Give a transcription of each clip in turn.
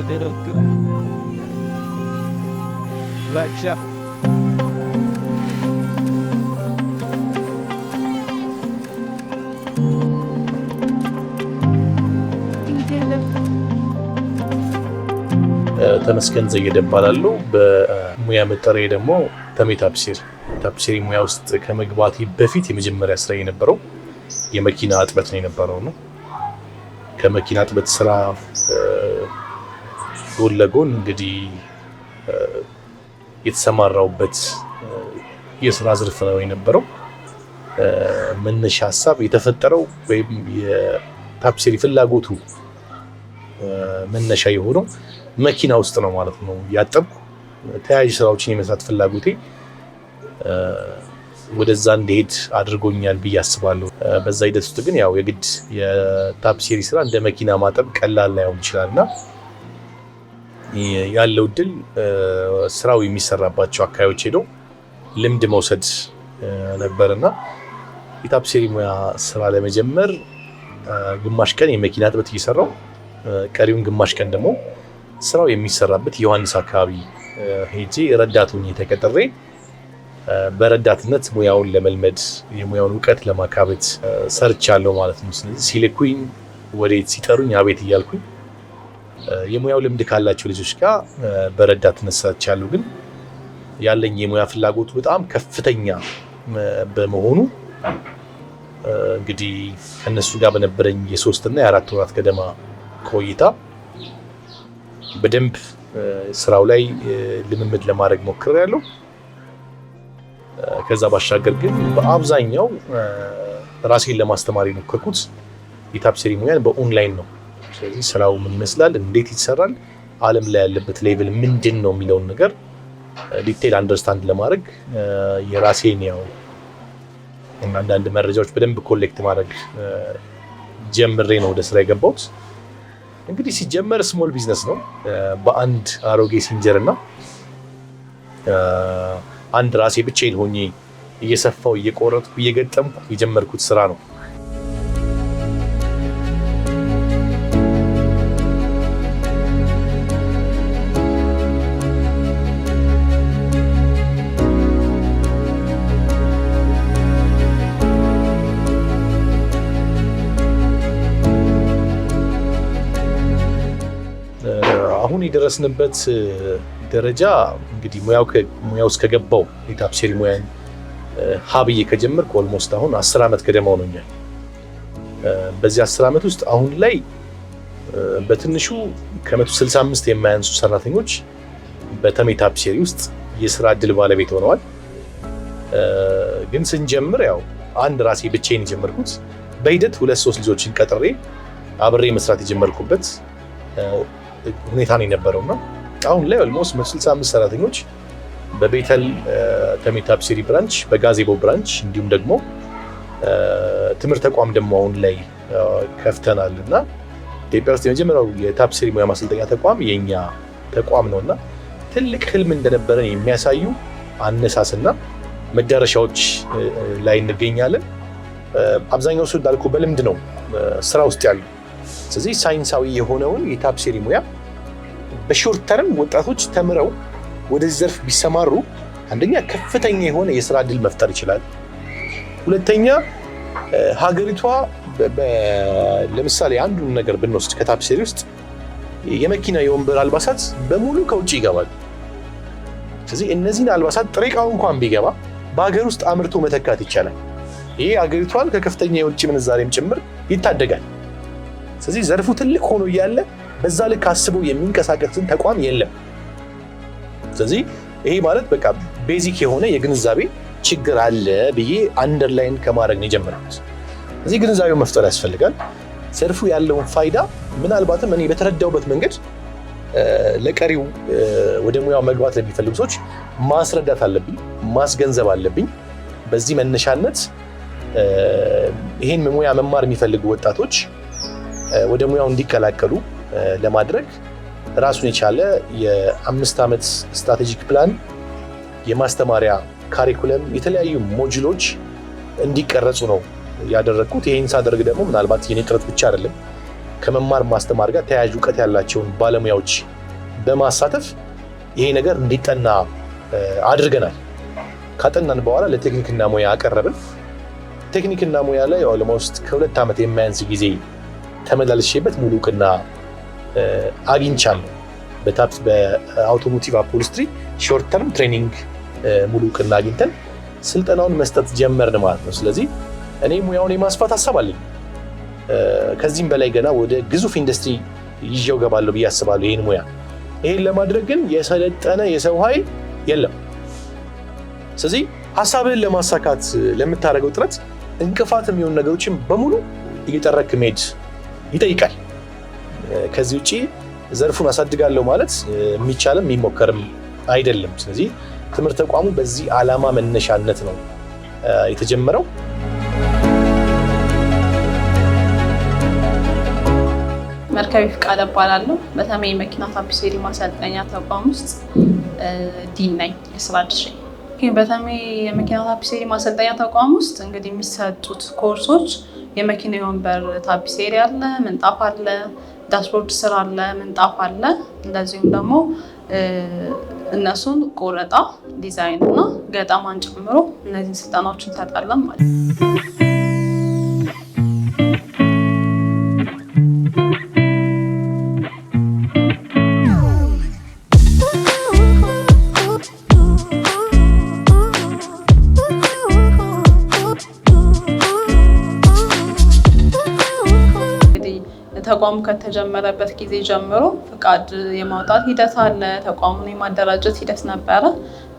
Lakşa Derakı Lakşa ተመስገን ዘየደ እባላለሁ። በሙያ መጠሪያ ደግሞ ተሜ ታፕሲር። ታፕሲሪ ሙያ ውስጥ ከመግባቴ በፊት የመጀመሪያ ስራ የነበረው የመኪና እጥበት ነው የነበረው ነው። ከመኪና እጥበት ስራ ጎን ለጎን እንግዲህ የተሰማራውበት የስራ ዝርፍ ነው የነበረው። መነሻ ሀሳብ የተፈጠረው ወይም የታፒሴሪ ፍላጎቱ መነሻ የሆነው መኪና ውስጥ ነው ማለት ነው። ያጠብኩ ተያያዥ ስራዎችን የመስራት ፍላጎቴ ወደዛ እንዲሄድ አድርጎኛል ብዬ አስባለሁ። በዛ ሂደት ውስጥ ግን ያው የግድ የታፒሴሪ ስራ እንደ መኪና ማጠብ ቀላል ላይሆን ይችላል እና ያለው እድል ስራው የሚሰራባቸው አካባቢዎች ሄዶ ልምድ መውሰድ ነበር እና የታፒሴሪ ሙያ ስራ ለመጀመር ግማሽ ቀን የመኪና ጥበት እየሰራው ቀሪውን ግማሽ ቀን ደግሞ ስራው የሚሰራበት ዮሐንስ አካባቢ ሄጄ ረዳቱን የተቀጠሬ በረዳትነት ሙያውን ለመልመድ የሙያውን እውቀት ለማካበት ሰርቻለሁ ማለት ነው። ስለዚህ ሲልኩኝ ወዴት ሲጠሩኝ አቤት እያልኩኝ የሙያው ልምድ ካላቸው ልጆች ጋር ነሳች ያሉ ግን ያለኝ የሙያ ፍላጎቱ በጣም ከፍተኛ በመሆኑ እንግዲህ ከእነሱ ጋር በነበረኝ የሶስትና የአራት ወራት ገደማ ቆይታ በደንብ ስራው ላይ ልምምድ ለማድረግ ያለው። ከዛ ባሻገር ግን በአብዛኛው ራሴን ለማስተማር የሞከርኩት የታፕሴሪ ሙያን በኦንላይን ነው። ስለዚህ ስራው ምን ይመስላል፣ እንዴት ይሰራል፣ አለም ላይ ያለበት ሌቭል ምንድን ነው የሚለውን ነገር ዲቴል uh, አንደርስታንድ ለማድረግ uh, የራሴን ያው አንዳንድ መረጃዎች በደንብ ኮሌክት ማድረግ uh, ጀምሬ ነው ወደ ስራ የገባሁት። እንግዲህ ሲጀመር ስሞል ቢዝነስ ነው። በአንድ አሮጌ ሲንጀር እና አንድ ራሴ ብቻዬን ሆኜ እየሰፋው እየቆረጥኩ እየገጠምኩ የጀመርኩት ስራ ነው። የደረስንበት ደረጃ እንግዲህ ሙያው ሙያው ውስጥ ከገባው የታፒሴሪ ሙያን ሀብዬ ከጀመርኩ ኦልሞስት አሁን አስር ዓመት ገደማ ሆኖኛል። በዚህ አስር ዓመት ውስጥ አሁን ላይ በትንሹ ከ165 የማያንሱ ሰራተኞች በተሜ ታፒሴሪ ውስጥ የስራ እድል ባለቤት ሆነዋል። ግን ስንጀምር ያው አንድ ራሴ ብቻዬን የጀመርኩት በሂደት ሁለት ሶስት ልጆችን ቀጥሬ አብሬ መስራት የጀመርኩበት ሁኔታ ነው የነበረው ነው። አሁን ላይ ኦልሞስት መቶ ስልሳ ሰራተኞች በቤተል ሲሪ ብራንች በጋዜቦ ብራንች እንዲሁም ደግሞ ትምህርት ተቋም ደግሞ አሁን ላይ ከፍተናል እና ኢትዮጵያ ውስጥ የመጀመሪያው የታፕሲሪ ሙያ ማሰልጠኛ ተቋም የኛ ተቋም ነው እና ትልቅ ህልም እንደነበረን የሚያሳዩ አነሳስና መዳረሻዎች ላይ እንገኛለን። አብዛኛው ሰው እንዳልኩ በልምድ ነው ስራ ውስጥ ያሉ ስለዚህ ሳይንሳዊ የሆነውን የታፕሴሪ ሙያ በሾርት ተርም ወጣቶች ተምረው ወደዚህ ዘርፍ ቢሰማሩ አንደኛ ከፍተኛ የሆነ የስራ እድል መፍጠር ይችላል። ሁለተኛ ሀገሪቷ ለምሳሌ አንዱን ነገር ብንወስድ ከታፕሴሪ ውስጥ የመኪና የወንበር አልባሳት በሙሉ ከውጭ ይገባል። ስለዚህ እነዚህን አልባሳት ጥሬ ዕቃው እንኳን ቢገባ በሀገር ውስጥ አምርቶ መተካት ይቻላል። ይሄ ሀገሪቷን ከከፍተኛ የውጭ ምንዛሬም ጭምር ይታደጋል። ስለዚህ ዘርፉ ትልቅ ሆኖ እያለ በዛ ልክ አስቦ የሚንቀሳቀስን ተቋም የለም። ስለዚህ ይሄ ማለት በቃ ቤዚክ የሆነ የግንዛቤ ችግር አለ ብዬ አንደርላይን ከማድረግ ነው እዚህ ግንዛቤው መፍጠር ያስፈልጋል። ዘርፉ ያለውን ፋይዳ ምናልባትም እኔ በተረዳውበት መንገድ ለቀሪው ወደ ሙያው መግባት ለሚፈልጉ ሰዎች ማስረዳት አለብኝ፣ ማስገንዘብ አለብኝ። በዚህ መነሻነት ይህን ሙያ መማር የሚፈልጉ ወጣቶች ወደ ሙያው እንዲቀላቀሉ ለማድረግ ራሱን የቻለ የአምስት ዓመት ስትራቴጂክ ፕላን፣ የማስተማሪያ ካሪኩለም፣ የተለያዩ ሞጁሎች እንዲቀረጹ ነው ያደረግኩት። ይህን ሳደርግ ደግሞ ምናልባት የኔ ጥረት ብቻ አይደለም ከመማር ማስተማር ጋር ተያያዥ እውቀት ያላቸውን ባለሙያዎች በማሳተፍ ይሄ ነገር እንዲጠና አድርገናል። ካጠናን በኋላ ለቴክኒክና ሙያ አቀረብን። ቴክኒክና ሙያ ላይ ኦልሞስት ከሁለት ዓመት የማያንስ ጊዜ ተመላልሼበት ሙሉ እውቅና አግኝቻለሁ። በታፕስ በአውቶሞቲቭ አፖሊስትሪ ሾርት ተርም ትሬኒንግ ሙሉ እውቅና አግኝተን ስልጠናውን መስጠት ጀመርን ማለት ነው። ስለዚህ እኔ ሙያውን የማስፋት ሀሳብ አለኝ። ከዚህም በላይ ገና ወደ ግዙፍ ኢንዱስትሪ ይዤው ገባለሁ ብዬ አስባለሁ ይህን ሙያ። ይህን ለማድረግ ግን የሰለጠነ የሰው ኃይል የለም። ስለዚህ ሀሳብህን ለማሳካት ለምታደርገው ጥረት እንቅፋት የሚሆኑ ነገሮችን በሙሉ እየጠረክ መሄድ ይጠይቃል። ከዚህ ውጭ ዘርፉን አሳድጋለሁ ማለት የሚቻልም የሚሞከርም አይደለም። ስለዚህ ትምህርት ተቋሙ በዚህ ዓላማ መነሻነት ነው የተጀመረው። መርከቢ ፍቃድ እባላለሁ። በተመይ መኪና ታፒሴሪ ማሰልጠኛ ተቋም ውስጥ ዲን ነኝ የስራ ድርሻ በተለይ የመኪና ታፒሴሪ ማሰልጠኛ ተቋም ውስጥ እንግዲህ የሚሰጡት ኮርሶች የመኪና የወንበር ታፒሴሪ አለ፣ ምንጣፍ አለ፣ ዳሽቦርድ ስራ አለ፣ ምንጣፍ አለ። እንደዚሁም ደግሞ እነሱን ቆረጣ፣ ዲዛይን እና ገጠማን ጨምሮ እነዚህን ስልጠናዎችን እንሰጣለን ማለት ነው። ተቋሙ ከተጀመረበት ጊዜ ጀምሮ ፍቃድ የማውጣት ሂደት አለ። ተቋሙን የማደራጀት ሂደት ነበረ።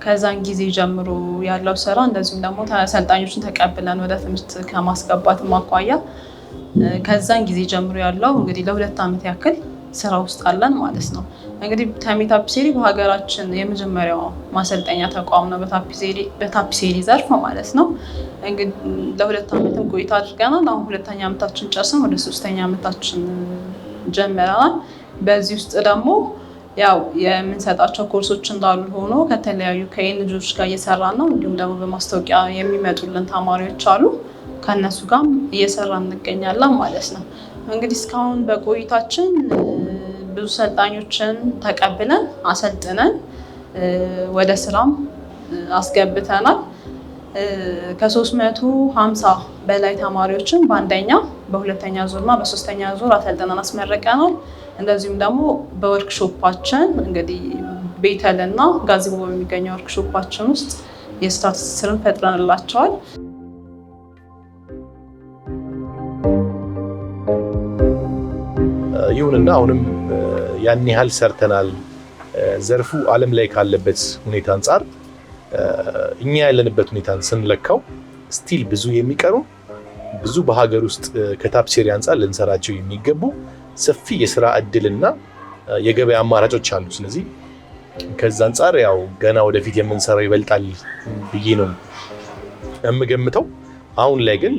ከዛን ጊዜ ጀምሮ ያለው ስራ እንደዚሁም ደግሞ ሰልጣኞችን ተቀብለን ወደ ትምህርት ከማስገባትም አኳያ ከዛን ጊዜ ጀምሮ ያለው እንግዲህ ለሁለት ዓመት ያክል ስራ ውስጥ አለን ማለት ነው። እንግዲህ ተሜ ታፒሴሪ በሀገራችን የመጀመሪያው ማሰልጠኛ ተቋም ነው በታፒሴሪ ዘርፍ ማለት ነው። እንግዲህ ለሁለት ዓመትም ቆይታ አድርገናል። አሁን ሁለተኛ ዓመታችን ጨርሰን ወደ ሶስተኛ ዓመታችን ጀምረናል። በዚህ ውስጥ ደግሞ ያው የምንሰጣቸው ኮርሶች እንዳሉ ሆኖ ከተለያዩ ከይን ልጆች ጋር እየሰራን ነው። እንዲሁም ደግሞ በማስታወቂያ የሚመጡልን ተማሪዎች አሉ። ከእነሱ ጋር እየሰራ እንገኛለን ማለት ነው። እንግዲህ እስካሁን በቆይታችን ብዙ ሰልጣኞችን ተቀብለን አሰልጥነን ወደ ስራም አስገብተናል። ከ350 በላይ ተማሪዎችን በአንደኛ በሁለተኛ ዙርና በሶስተኛ ዙር አሰልጥነን አስመረቀናል። እንደዚሁም ደግሞ በወርክሾፓችን እንግዲህ እና ጋዜቦ በሚገኘው ወርክሾፓችን ውስጥ የስራ ስርን ፈጥረንላቸዋል። እና አሁንም ያን ያህል ሰርተናል። ዘርፉ ዓለም ላይ ካለበት ሁኔታ አንጻር እኛ ያለንበት ሁኔታን ስንለካው ስቲል ብዙ የሚቀሩ ብዙ በሀገር ውስጥ ከታፕሴሪ አንጻር ልንሰራቸው የሚገቡ ሰፊ የስራ እድልና የገበያ አማራጮች አሉ። ስለዚህ ከዛ አንጻር ያው ገና ወደፊት የምንሰራው ይበልጣል ብዬ ነው የምገምተው። አሁን ላይ ግን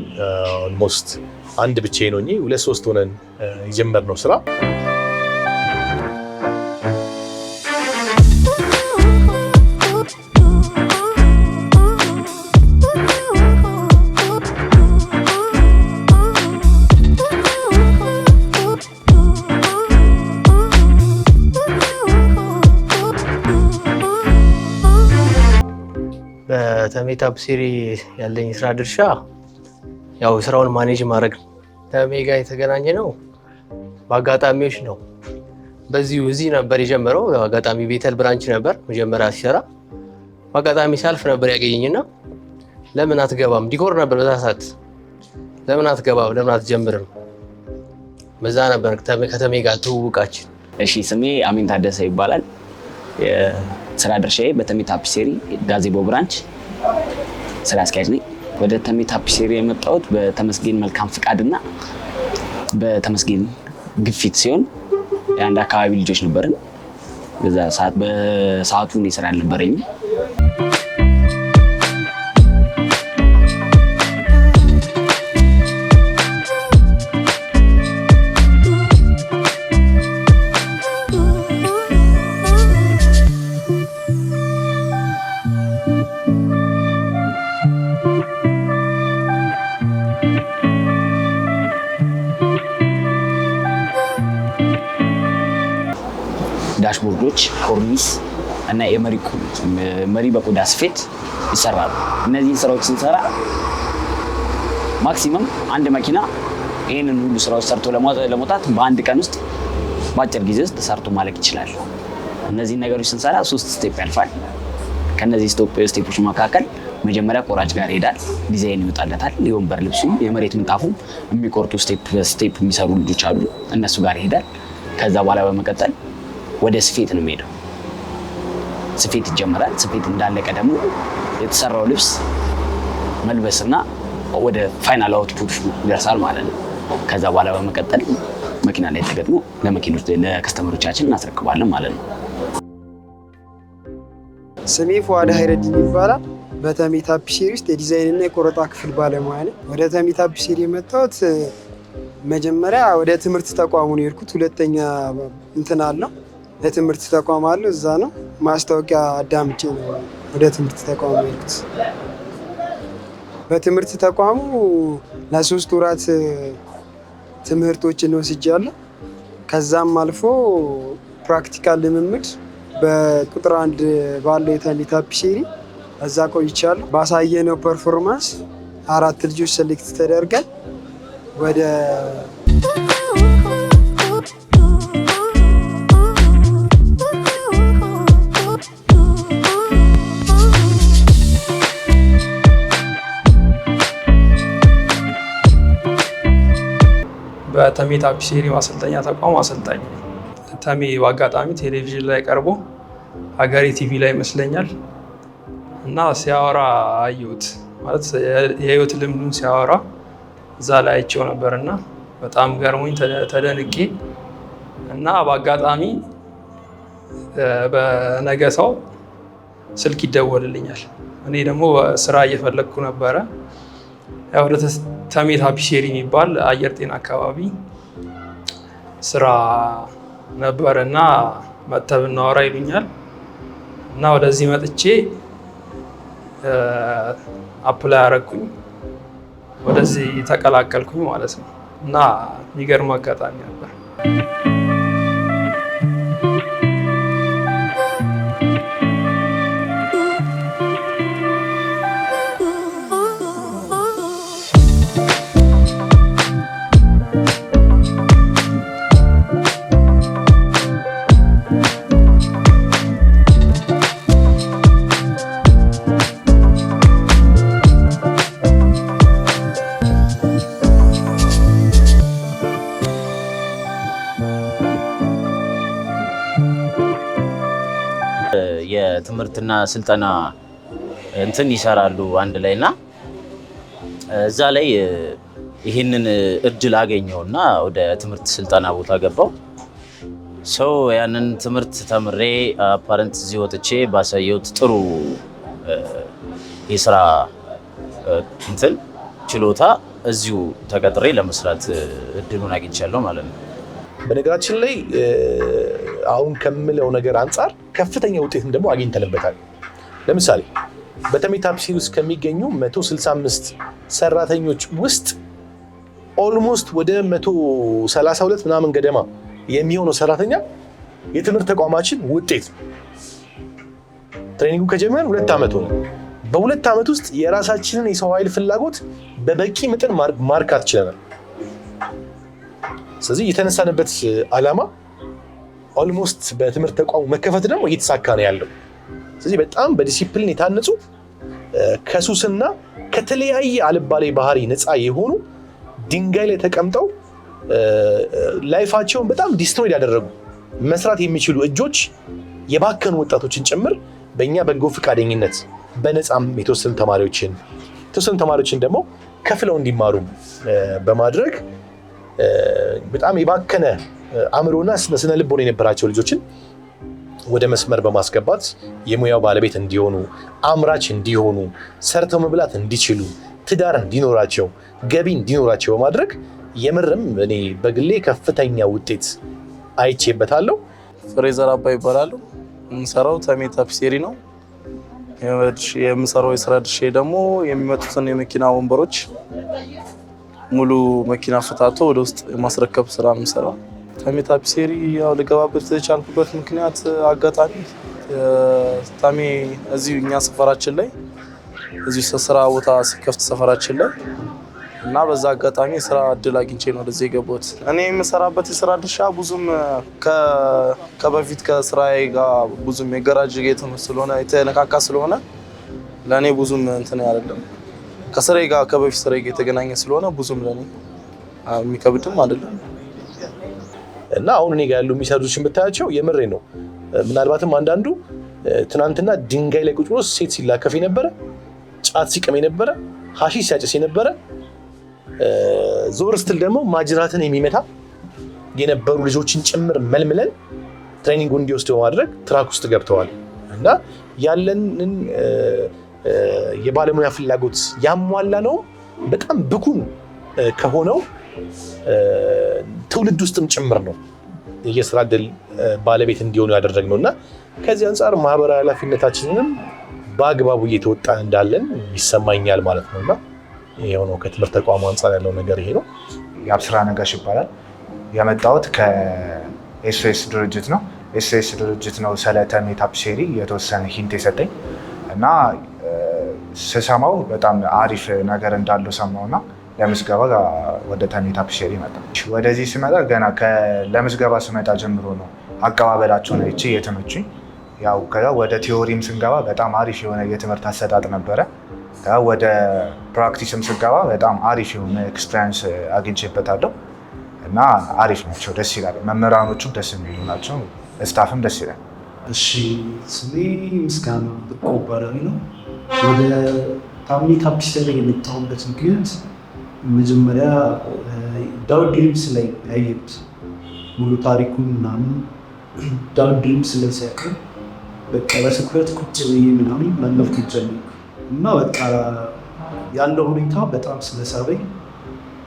ኦልሞስት አንድ ነው ሆኜ ሁለት ሶስት ሆነን የጀመርነው ስራ በተሜታፕ ሲሪ ያለኝ ስራ ድርሻ ያው ስራውን ማኔጅ ማድረግ ነው። ከሜ ጋር የተገናኘ ነው በአጋጣሚዎች ነው። በዚሁ እዚህ ነበር የጀመረው። አጋጣሚ ቤተል ብራንች ነበር መጀመሪያ ሲሰራ፣ በአጋጣሚ ሲያልፍ ነበር ያገኘኝና ለምን አትገባም? ዲኮር ነበር በዛ ሰዓት። ለምን አትገባም? ለምን አትጀምርም? በዛ ነበር ከተሜ ጋር ትውውቃችን። እሺ፣ ስሜ አሚን ታደሰ ይባላል። ስራ ድርሻዬ በተሜ ታፒሴሪ ጋዜቦ ብራንች ስራ አስኪያጅ ነኝ። ወደ ተሜ ታፒሴሪ የመጣሁት በተመስገን መልካም ፍቃድና በተመስገን ግፊት ሲሆን የአንድ አካባቢ ልጆች ነበርን። በሰዓቱ እኔ ስራ አልነበረኝም። ኮርኒስ እና የመሪ በቆዳ ስፌት ይሰራሉ። እነዚህን ስራዎች ስንሰራ ማክሲመም አንድ መኪና ይህንን ሁሉ ስራዎች ሰርቶ ለመውጣት በአንድ ቀን ውስጥ በአጭር ጊዜ ውስጥ ሰርቶ ማለቅ ይችላል። እነዚህን ነገሮች ስንሰራ ሶስት ስቴፕ ያልፋል። ከእነዚህ ስቴፖች መካከል መጀመሪያ ቆራጭ ጋር ይሄዳል፣ ዲዛይን ይወጣለታል። የወንበር ልብሱም የመሬት ምንጣፉም የሚቆርጡ ስቴፕ የሚሰሩ ልጆች አሉ፣ እነሱ ጋር ይሄዳል። ከዛ በኋላ በመቀጠል ወደ ስፌት ነው የሚሄደው። ስፌት ይጀመራል። ስፌት እንዳለቀ ደግሞ የተሰራው ልብስ መልበስና ወደ ፋይናል አውትፑት ይደርሳል ማለት ነው። ከዛ በኋላ በመቀጠል መኪና ላይ ተገጥሞ ለመኪኖች ለከስተመሮቻችን እናስረክባለን ማለት ነው። ስሜ ፏዋድ ሀይረዲን ይባላል። በተሜ ታፒሴሪ ውስጥ የዲዛይንና የቆረጣ ክፍል ባለሙያ ነኝ። ወደ ተሜ ታፒሴሪ የመጣሁት መጀመሪያ ወደ ትምህርት ተቋሙ ነው የሄድኩት። ሁለተኛ እንትን አለው የትምህርት ተቋም አለ፣ እዛ ነው ማስታወቂያ አዳምጬ ነው ወደ ትምህርት ተቋሙ ሄድኩት። በትምህርት ተቋሙ ለሶስት ወራት ትምህርቶችን ወስጃለሁ። ከዛም አልፎ ፕራክቲካል ልምምድ በቁጥር አንድ ባለው የተኒታ ፒሴሪ እዛ ቆይቻለሁ። ባሳየነው ፐርፎርማንስ አራት ልጆች ሴሌክት ተደርገን ወደ በተሜ ታፒሴሪ ማሰልጠኛ ተቋም አሰልጣኝ ተሜ በአጋጣሚ ቴሌቪዥን ላይ ቀርቦ ሀገሬ ቲቪ ላይ ይመስለኛል እና ሲያወራ አየሁት። ማለት የህይወት ልምዱን ሲያወራ እዛ ላይ አይቼው ነበር እና በጣም ገርሞኝ ተደንቄ እና በአጋጣሚ በነገ ሰው ስልክ ይደወልልኛል። እኔ ደግሞ ስራ እየፈለግኩ ነበረ ወደ ተሜት ሀፒሴሪ የሚባል አየር ጤና አካባቢ ስራ ነበር እና መተብ እናወራ ይሉኛል እና ወደዚህ መጥቼ አፕላይ አረግኩኝ ወደዚህ ተቀላቀልኩኝ ማለት ነው እና የሚገርም አጋጣሚ ነበር። የትምህርትና ስልጠና እንትን ይሰራሉ አንድ ላይ እና እዛ ላይ ይህንን እድል እና ወደ ትምህርት ስልጠና ቦታ ገባው ሰው ያንን ትምህርት ተምሬ አፓረንት እዚህ ወጥቼ ባሳየሁት ጥሩ የስራ እንትን ችሎታ እዚሁ ተቀጥሬ ለመስራት እድሉን አግኝቻለሁ ማለት ነው። በነገራችን ላይ አሁን ከምለው ነገር አንጻር ከፍተኛ ውጤትም ደግሞ አግኝተንበታል። ለምሳሌ በተሜ ውስጥ ከሚገኙ 165 ሰራተኞች ውስጥ ኦልሞስት ወደ 132 ምናምን ገደማ የሚሆነው ሰራተኛ የትምህርት ተቋማችን ውጤት ትሬኒንጉ ከጀመር ሁለት ዓመት ሆነ። በሁለት ዓመት ውስጥ የራሳችንን የሰው ኃይል ፍላጎት በበቂ መጠን ማርካት ችለናል። ስለዚህ የተነሳንበት ዓላማ ኦልሞስት በትምህርት ተቋሙ መከፈት ደግሞ እየተሳካ ነው ያለው። ስለዚህ በጣም በዲሲፕሊን የታነጹ ከሱስና ከተለያየ አልባሌ ባህሪ ነፃ የሆኑ ድንጋይ ላይ ተቀምጠው ላይፋቸውን በጣም ዲስትሮይድ ያደረጉ መስራት የሚችሉ እጆች የባከኑ ወጣቶችን ጭምር በእኛ በጎ ፈቃደኝነት በነፃም የተወሰኑ ተማሪዎችን የተወሰኑ ተማሪዎችን ደግሞ ከፍለው እንዲማሩ በማድረግ በጣም የባከነ አእምሮና ስነ ልቦና የነበራቸው ልጆችን ወደ መስመር በማስገባት የሙያው ባለቤት እንዲሆኑ፣ አምራች እንዲሆኑ፣ ሰርተው መብላት እንዲችሉ፣ ትዳር እንዲኖራቸው፣ ገቢ እንዲኖራቸው በማድረግ የምርም እኔ በግሌ ከፍተኛ ውጤት አይቼበታለሁ። ፍሬዘር አባ ይባላሉ። የምሰራው ተሜ ታፒሴሪ ነው። የምሰራው የስራ ድርሻ ደግሞ የሚመጡትን የመኪና ወንበሮች ሙሉ መኪና ፈታቶ ወደ ውስጥ የማስረከብ ስራ ነው የምሰራው። ታሜ ታፒሴሪ ያው ልገባበት የተቻልኩበት ምክንያት አጋጣሚ ታሜ እዚሁ እኛ ሰፈራችን ላይ እዚሁ ስራ ቦታ ሲከፍት ሰፈራችን ላይ እና በዛ አጋጣሚ ስራ እድል አግኝቼ ነው ወደዚህ የገባሁት። እኔ የምሰራበት የስራ ድርሻ ብዙም ከበፊት ከስራዬ ጋር ብዙም የገራጅ ጌትም ስለሆነ የተነካካ ስለሆነ ለእኔ ብዙም እንትን አይደለም። ከስራዬ ጋር ከበፊት ስራዬ ጋር የተገናኘ ስለሆነ ብዙም ለኔ የሚከብድም አይደለም እና አሁን እኔ ጋር ያሉ የሚሰሩትን ብታያቸው የምሬ ነው። ምናልባትም አንዳንዱ ትናንትና ድንጋይ ላይ ቁጭ ብሎ ሴት ሲላከፍ የነበረ ጫት ሲቅም የነበረ ሀሺ ሲያጭስ የነበረ ዞር ስትል ደግሞ ማጅራትን የሚመታ የነበሩ ልጆችን ጭምር መልምለን ትሬኒንግ እንዲወስድ በማድረግ ትራክ ውስጥ ገብተዋል እና ያለንን የባለሙያ ፍላጎት ያሟላ ነው። በጣም ብኩን ከሆነው ትውልድ ውስጥም ጭምር ነው የስራ እድል ባለቤት እንዲሆኑ ያደረግነው እና ከዚህ አንጻር ማህበራዊ ኃላፊነታችንንም በአግባቡ እየተወጣ እንዳለን ይሰማኛል ማለት ነው እና የሆነው ከትምህርት ተቋሙ አንጻር ያለው ነገር ይሄ ነው። የአብስራ ነጋሽ ይባላል። የመጣሁት ከኤስኤስ ድርጅት ነው። ኤስኤስ ድርጅት ነው ስለ ተሜ ሴሪ የተወሰነ ሂንት የሰጠኝ እና ስሰማው በጣም አሪፍ ነገር እንዳለው ሰማውና ለምዝገባ ወደ ተሜታ ፕሼሪ መጣ። ወደዚህ ስመጣ ገና ለምዝገባ ስመጣ ጀምሮ ነው አቀባበላቸው ነው አይቼ የተመቹኝ። ያው ከዛ ወደ ቴዎሪም ስንገባ በጣም አሪፍ የሆነ የትምህርት አሰጣጥ ነበረ። ወደ ፕራክቲስም ስንገባ በጣም አሪፍ የሆነ ኤክስፔሪንስ አግኝቼበታለሁ እና አሪፍ ናቸው፣ ደስ ይላል። መምህራኖቹም ደስ የሚሉ ናቸው፣ ስታፍም ደስ ይላል። እሺ ስሜ ምስጋና ብቆበረዊ ነው። ወደ ታሜ ካፒታል የመጣሁበት ምክንያት መጀመሪያ ዳር ድሪምስ ላይ ያየሁት ሙሉ ታሪኩን ምናምን ዳር ድሪምስ ላይ ሳያውቅም በቃ በስኩረት ቁጭ ብዬ ምናምን መለፍኩ ጀመርኩ እና በቃ ያለው ሁኔታ በጣም ስለሳበኝ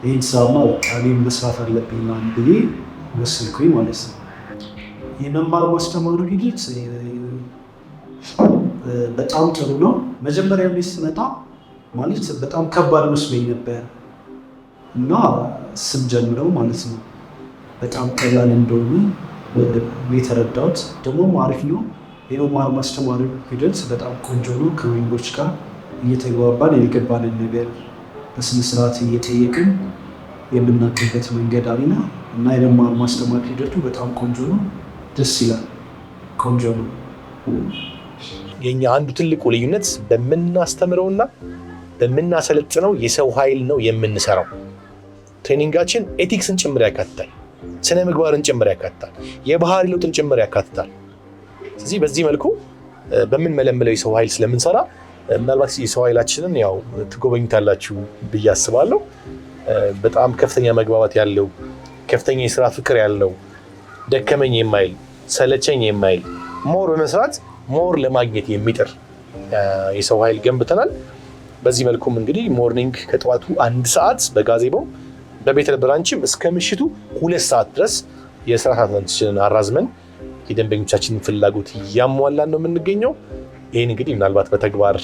ይህን ሳማ በቃ እኔም መስራት አለብኝ ምናምን ብዬ ወሰንኩኝ ማለት ነው። የመማር ማስተማሩ ሂደት በጣም ጥሩ ነው። መጀመሪያ ላይ ስመጣ ማለት በጣም ከባድ መስሎኝ ነበር እና ጀምረው ማለት ነው በጣም ቀላል እንደሆኑ የተረዳሁት ደግሞ አሪፍ ነው። የመማር ማስተማሪ ሂደት በጣም ቆንጆ ነው። ከወንዶች ጋር እየተግባባን የሚገባንን ነገር በስነስርዓት እየጠየቅን የምናገበት መንገድ አለና እና የመማር ማስተማር ሂደቱ በጣም ቆንጆ ነው። ደስ ይላል። ቆንጆ ነው። የኛ አንዱ ትልቁ ልዩነት በምናስተምረውና በምናሰለጥነው የሰው ኃይል ነው የምንሰራው። ትሬኒንጋችን ኤቲክስን ጭምር ያካትታል፣ ስነ ምግባርን ጭምር ያካትታል፣ የባህሪ ለውጥን ጭምር ያካትታል። ስለዚህ በዚህ መልኩ በምንመለምለው የሰው ኃይል ስለምንሰራ ምናልባት የሰው ኃይላችንን ያው ትጎበኙታላችሁ ብዬ አስባለሁ። በጣም ከፍተኛ መግባባት ያለው ከፍተኛ የስራ ፍቅር ያለው ደከመኝ የማይል ሰለቸኝ የማይል ሞር በመስራት ሞር ለማግኘት የሚጥር የሰው ኃይል ገንብተናል። በዚህ መልኩም እንግዲህ ሞርኒንግ ከጠዋቱ አንድ ሰዓት በጋዜባው በቤተል ብራንችም እስከ ምሽቱ ሁለት ሰዓት ድረስ የስራ ሰዓታችንን አራዝመን የደንበኞቻችንን ፍላጎት እያሟላን ነው የምንገኘው። ይህን እንግዲህ ምናልባት በተግባር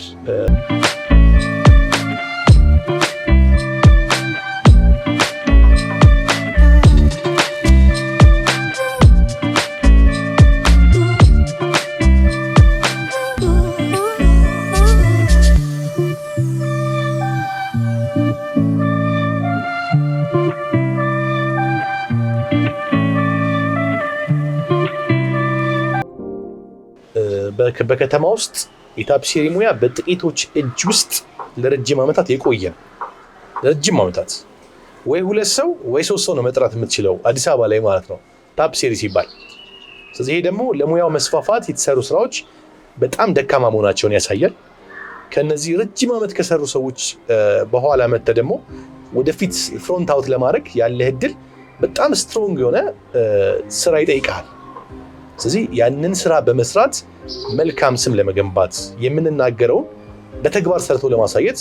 በከተማ ውስጥ የታፒሴሪ ሙያ በጥቂቶች እጅ ውስጥ ለረጅም ዓመታት የቆየ ለረጅም ዓመታት ወይ ሁለት ሰው ወይ ሶስት ሰው ነው መጥራት የምትችለው አዲስ አበባ ላይ ማለት ነው ታፒሴሪ ሲባል። ስለዚህ ይሄ ደግሞ ለሙያው መስፋፋት የተሰሩ ስራዎች በጣም ደካማ መሆናቸውን ያሳያል። ከነዚህ ረጅም ዓመት ከሰሩ ሰዎች በኋላ መተ ደግሞ ወደፊት ፍሮንት አውት ለማድረግ ያለህ እድል በጣም ስትሮንግ የሆነ ስራ ይጠይቃል። ስለዚህ ያንን ስራ በመስራት መልካም ስም ለመገንባት የምንናገረውን በተግባር ሰርቶ ለማሳየት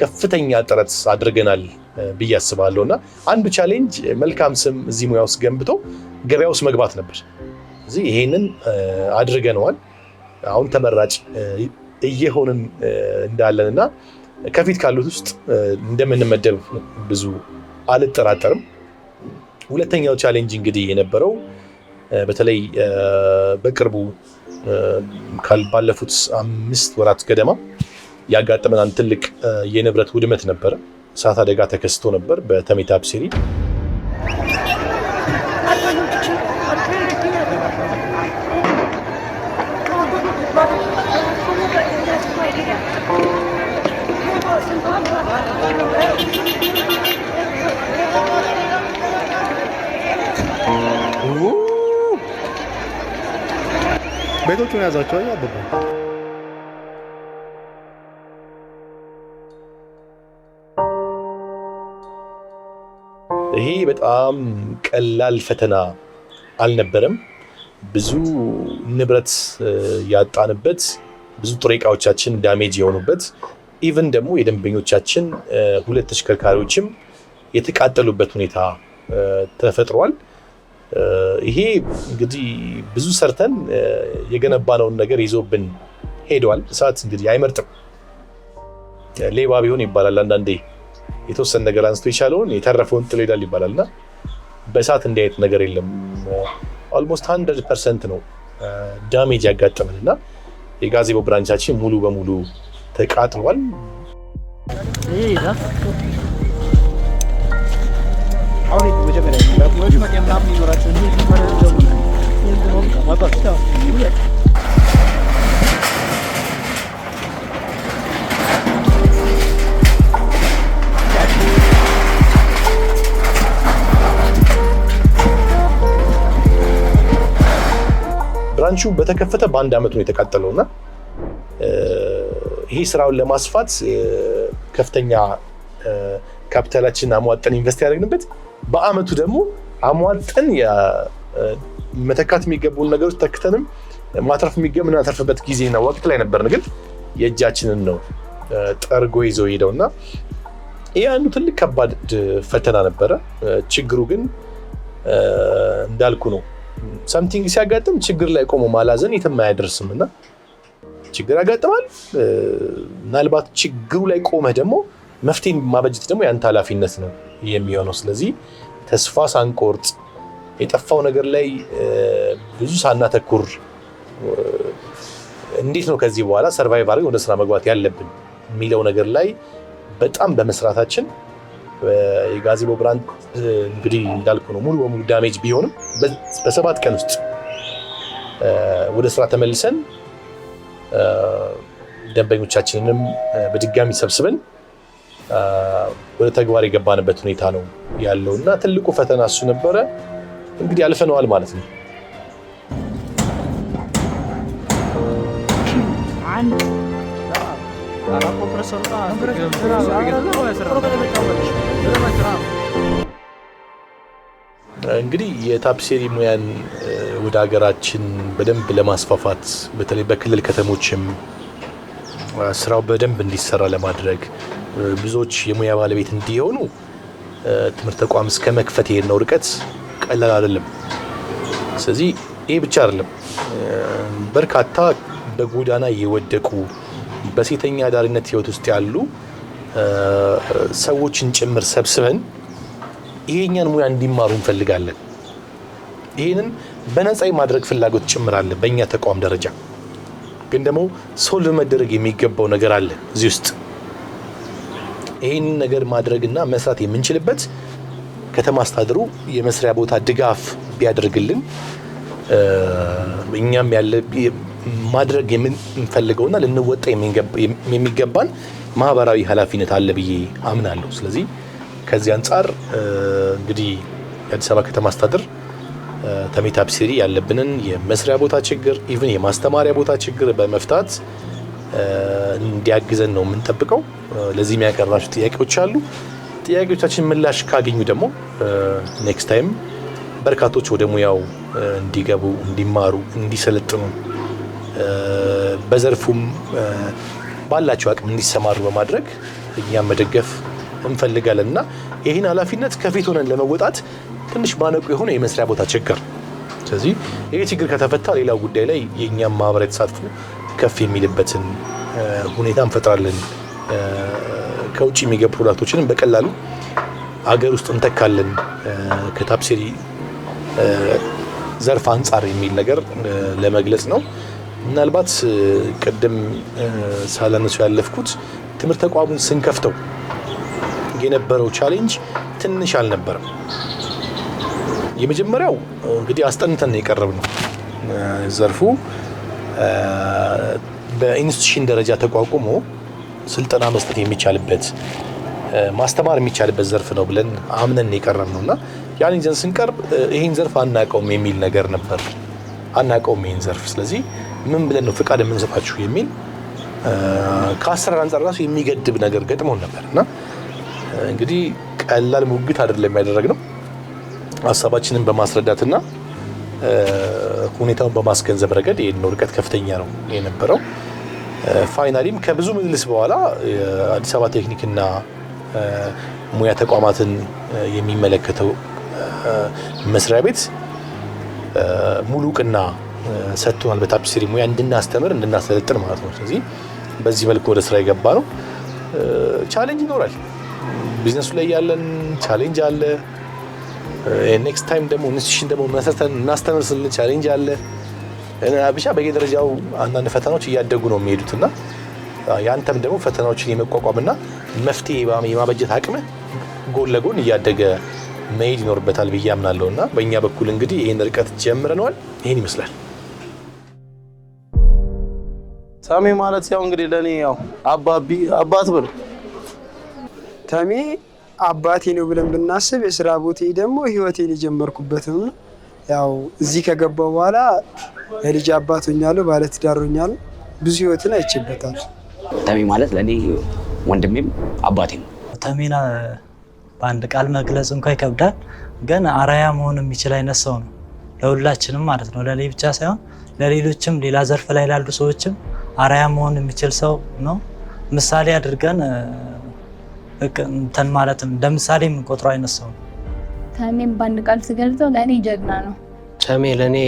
ከፍተኛ ጥረት አድርገናል ብዬ አስባለሁ። እና አንዱ ቻሌንጅ መልካም ስም እዚህ ሙያ ውስጥ ገንብቶ ገበያ ውስጥ መግባት ነበር። እዚህ ይሄንን አድርገነዋል። አሁን ተመራጭ እየሆንን እንዳለን እና ከፊት ካሉት ውስጥ እንደምንመደብ ብዙ አልጠራጠርም። ሁለተኛው ቻሌንጅ እንግዲህ የነበረው በተለይ በቅርቡ ባለፉት አምስት ወራት ገደማ ያጋጠመን አንድ ትልቅ የንብረት ውድመት ነበረ። እሳት አደጋ ተከስቶ ነበር በተሜታ አብሲሪ። ቤቶቹን ያዛቸው አበባ ይሄ በጣም ቀላል ፈተና አልነበረም። ብዙ ንብረት ያጣንበት፣ ብዙ ጥሬ እቃዎቻችን ዳሜጅ የሆኑበት፣ ኢቨን ደግሞ የደንበኞቻችን ሁለት ተሽከርካሪዎችም የተቃጠሉበት ሁኔታ ተፈጥሯል። ይሄ እንግዲህ ብዙ ሰርተን የገነባነውን ነገር ይዞብን ሄደዋል። እሳት እንግዲህ አይመርጥም። ሌባ ቢሆን ይባላል አንዳንዴ የተወሰነ ነገር አንስቶ የቻለውን የተረፈውን ጥሎ ሄዳል ይባላል እና በእሳት እንዲህ አይነት ነገር የለም። ኦልሞስት ሀንድረድ ፐርሰንት ነው ዳሜጅ ያጋጠመን እና የጋዜቦ ብራንቻችን ሙሉ በሙሉ ተቃጥሏል። አሁን መጀመሪያ ይኖራቸው ብራንቹ በተከፈተ በአንድ ዓመት ነው የተቃጠለው እና ይሄ ስራውን ለማስፋት ከፍተኛ ካፒታላችን አሟጠን ኢንቨስት ያደረግንበት በአመቱ ደግሞ አሟጠን መተካት የሚገቡን ነገሮች ተክተንም ማትረፍ የሚገብ ምናተርፍበት ጊዜና ወቅት ላይ ነበርን። ግን የእጃችንን ነው ጠርጎ ይዞ ሄደው እና ይህ አንዱ ትልቅ ከባድ ፈተና ነበረ። ችግሩ ግን እንዳልኩ ነው። ሰምቲንግ ሲያጋጥም ችግር ላይ ቆሞ ማላዘን የትም አያደርስም እና ችግር ያጋጥማል። ምናልባት ችግሩ ላይ ቆመህ ደግሞ መፍትሄን ማበጀት ደግሞ የአንተ ኃላፊነት ነው። የሚሆነው። ስለዚህ ተስፋ ሳንቆርጥ የጠፋው ነገር ላይ ብዙ ሳናተኩር እንዴት ነው ከዚህ በኋላ ሰርቫይቭ አድርገን ወደ ስራ መግባት ያለብን የሚለው ነገር ላይ በጣም በመስራታችን የጋዜቦ ብራንድ እንግዲህ እንዳልኩ ነው ሙሉ በሙሉ ዳሜጅ ቢሆንም በሰባት ቀን ውስጥ ወደ ስራ ተመልሰን ደንበኞቻችንንም በድጋሚ ሰብስበን ወደ ተግባር የገባንበት ሁኔታ ነው ያለው እና ትልቁ ፈተና እሱ ነበረ። እንግዲህ አልፈነዋል ማለት ነው። እንግዲህ የታፒሴሪ ሙያን ወደ ሀገራችን በደንብ ለማስፋፋት በተለይ በክልል ከተሞችም ስራው በደንብ እንዲሰራ ለማድረግ ብዙዎች የሙያ ባለቤት እንዲሆኑ ትምህርት ተቋም እስከ መክፈት የሄድነው ርቀት ቀላል አይደለም። ስለዚህ ይህ ብቻ አይደለም፣ በርካታ በጎዳና የወደቁ በሴተኛ አዳሪነት ህይወት ውስጥ ያሉ ሰዎችን ጭምር ሰብስበን ይሄኛን ሙያ እንዲማሩ እንፈልጋለን። ይህንን በነፃ የማድረግ ፍላጎት ጭምር አለ። በእኛ ተቋም ደረጃ ግን ደግሞ ሶልቭ መደረግ የሚገባው ነገር አለ እዚህ ውስጥ ይህን ነገር ማድረግና መስራት የምንችልበት ከተማ አስተዳደሩ የመስሪያ ቦታ ድጋፍ ቢያደርግልን እኛም ያለ ማድረግ የምንፈልገውና ልንወጣ የሚገባን ማህበራዊ ኃላፊነት አለ ብዬ አምናለሁ። ስለዚህ ከዚህ አንጻር እንግዲህ የአዲስ አበባ ከተማ አስተዳደር ተሜታ ያለብንን የመስሪያ ቦታ ችግር ኢቭን የማስተማሪያ ቦታ ችግር በመፍታት እንዲያግዘን ነው የምንጠብቀው። ለዚህ ያቀረባቸው ጥያቄዎች አሉ። ጥያቄዎቻችን ምላሽ ካገኙ ደግሞ ኔክስት ታይም በርካቶች ወደ ሙያው እንዲገቡ፣ እንዲማሩ፣ እንዲሰለጥኑ በዘርፉም ባላቸው አቅም እንዲሰማሩ በማድረግ እኛ መደገፍ እንፈልጋለን እና ይህን ኃላፊነት ከፊት ሆነን ለመወጣት ትንሽ ማነቁ የሆነ የመስሪያ ቦታ ችግር። ስለዚህ ይህ ችግር ከተፈታ ሌላው ጉዳይ ላይ የእኛም ማህበራዊ ተሳትፎ ከፍ የሚልበትን ሁኔታ እንፈጥራለን። ከውጭ የሚገቡ ፕሮዳክቶችንም በቀላሉ አገር ውስጥ እንተካለን ከታፕሴሪ ዘርፍ አንጻር የሚል ነገር ለመግለጽ ነው። ምናልባት ቅድም ሳላነሱ ያለፍኩት ትምህርት ተቋሙን ስንከፍተው የነበረው ቻሌንጅ ትንሽ አልነበረም። የመጀመሪያው እንግዲህ አስጠንተን የቀረብ ነው ዘርፉ በኢንስቲትዩሽን ደረጃ ተቋቁሞ ስልጠና መስጠት የሚቻልበት ማስተማር የሚቻልበት ዘርፍ ነው ብለን አምነን የቀረብ ነው እና ያን ይዘን ስንቀርብ ይህን ዘርፍ አናቀውም የሚል ነገር ነበር። አናቀውም ይህን ዘርፍ ስለዚህ ምን ብለን ነው ፍቃድ የምንሰጣችሁ የሚል ከአሰራር አንጻር ራሱ የሚገድብ ነገር ገጥሞን ነበር እና እንግዲህ ቀላል ሙግት አይደለም ነው ሀሳባችንን በማስረዳትና ሁኔታውን በማስገንዘብ ረገድ የሄድነው ርቀት ከፍተኛ ነው የነበረው። ፋይናሊም ከብዙ ምልልስ በኋላ የአዲስ አበባ ቴክኒክና ሙያ ተቋማትን የሚመለከተው መስሪያ ቤት ሙሉ እውቅና ሰጥቶናል። በታፒስሪ ሙያ እንድናስተምር እንድናሰለጥን ማለት ነው። ስለዚህ በዚህ መልኩ ወደ ስራ የገባ ነው። ቻሌንጅ ይኖራል። ቢዝነሱ ላይ ያለን ቻሌንጅ አለ። ኔክስት eh, ታይም ደግሞ ኢንስቲቱሽን ደግሞ መሰረተን እናስተምር ስንል ቻሌንጅ አለ። ብቻ በየደረጃው አንዳንድ ፈተናዎች እያደጉ ነው የሚሄዱት እና ያንተም ደግሞ ፈተናዎችን የመቋቋምና መፍትሄ የማበጀት አቅም ጎን ለጎን እያደገ መሄድ ይኖርበታል ብዬ አምናለሁ እና በእኛ በኩል እንግዲህ ይህን ርቀት ጀምረነዋል። ይህን ይመስላል። ሳሚ ማለት ያው እንግዲህ ለእኔ ያው አባቢ አባት ብር ተሜ አባቴ ነው ብለን ብናስብ የስራ ቦቴ ደግሞ ህይወቴን የጀመርኩበትም ነው። ያው እዚህ ከገባው በኋላ የልጅ አባት ሆኛለሁ፣ ባለትዳር ሆኛለሁ። ብዙ ህይወትን አይችበታል። ተሜ ማለት ለእኔ ወንድሜም አባቴ ነው። ተሜን በአንድ ቃል መግለጽ እንኳ ይከብዳል፣ ግን አራያ መሆን የሚችል አይነት ሰው ነው ለሁላችንም ማለት ነው። ለእኔ ብቻ ሳይሆን ለሌሎችም ሌላ ዘርፍ ላይ ላሉ ሰዎችም አራያ መሆን የሚችል ሰው ነው። ምሳሌ አድርገን እንትን ማለትም ለምሳሌ የምንቆጥረው አይነት ሰው ነው። ተሜም በአንድ ቃል ስገልጸው ለእኔ ጀግና ነው። ተሜ ለእኔ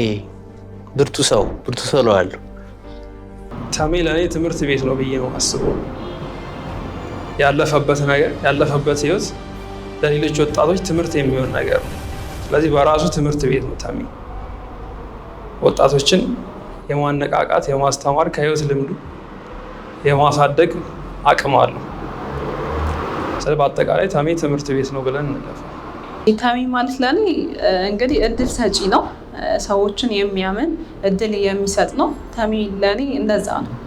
ብርቱ ሰው ብርቱ ሰው እለዋለሁ። ተሜ ለእኔ ትምህርት ቤት ነው ብዬ ነው አስበው። ያለፈበት ነገር ያለፈበት ህይወት ለሌሎች ወጣቶች ትምህርት የሚሆን ነገር ነው። ስለዚህ በራሱ ትምህርት ቤት ነው ተሜ። ወጣቶችን የማነቃቃት የማስተማር፣ ከህይወት ልምዱ የማሳደግ አቅም አለው። በአጠቃላይ ታሚ ትምህርት ቤት ነው ብለን እንለፋ። ታሚ ማለት ለኔ እንግዲህ እድል ሰጪ ነው፣ ሰዎችን የሚያምን እድል የሚሰጥ ነው። ታሚ ለኔ እንደዛ ነው።